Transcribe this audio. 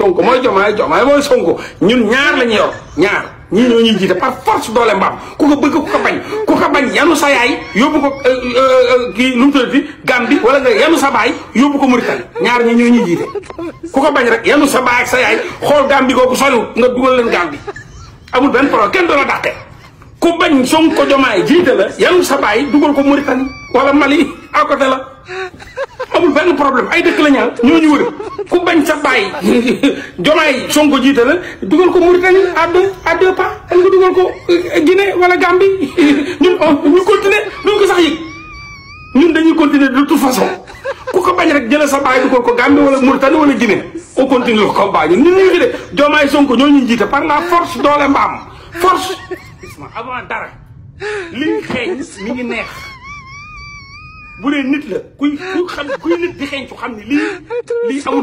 Sonko mooy jomaay jomaay mooy Sonko ñun ñaar lañu yor ñaar ñii ñoo ñuy jiite par force doole mbaam ku ko bëgg ku ko bañ ku ko bañ yanu sa yaay yóbbu ko kii nu mu tuddati Gambie wala nga yanu sa baay yóbbu ko Mauritanie ñaar ñi ñoo ñuy jiite ku ko bañ rek yanu sa baay ak sa yaay xool Gambie googu soriwul nga dugal leen Gambie amul benn problème kenn doon a dàqee ku bañ Sonko jomaay jiite la yanu sa baay dugal ko Mauritanie wala Mali à côté la problème ay dëkk la ñaan ñoo ñu wër ku bañ sa bay jomaay songo jité la duggal ko Mauritanie à deux à deux pas nga dugal ko euh, guiné wala Gambie ñun oh, ñu continuer duñ ko sax yi ñun dañuy continuer de toute façon ku ko bañ rek jël sa bay duggal ko Gambie wala Mauritanie wala guiné on continuer ko combat ñun ñu ngi dé jomaay songo ñoo ñu jité par la force dole mbam force avant dara li xeeñ mi ngi neex بولين نتلا كوي كوي خم كوي نتدخين تخم لي لي أول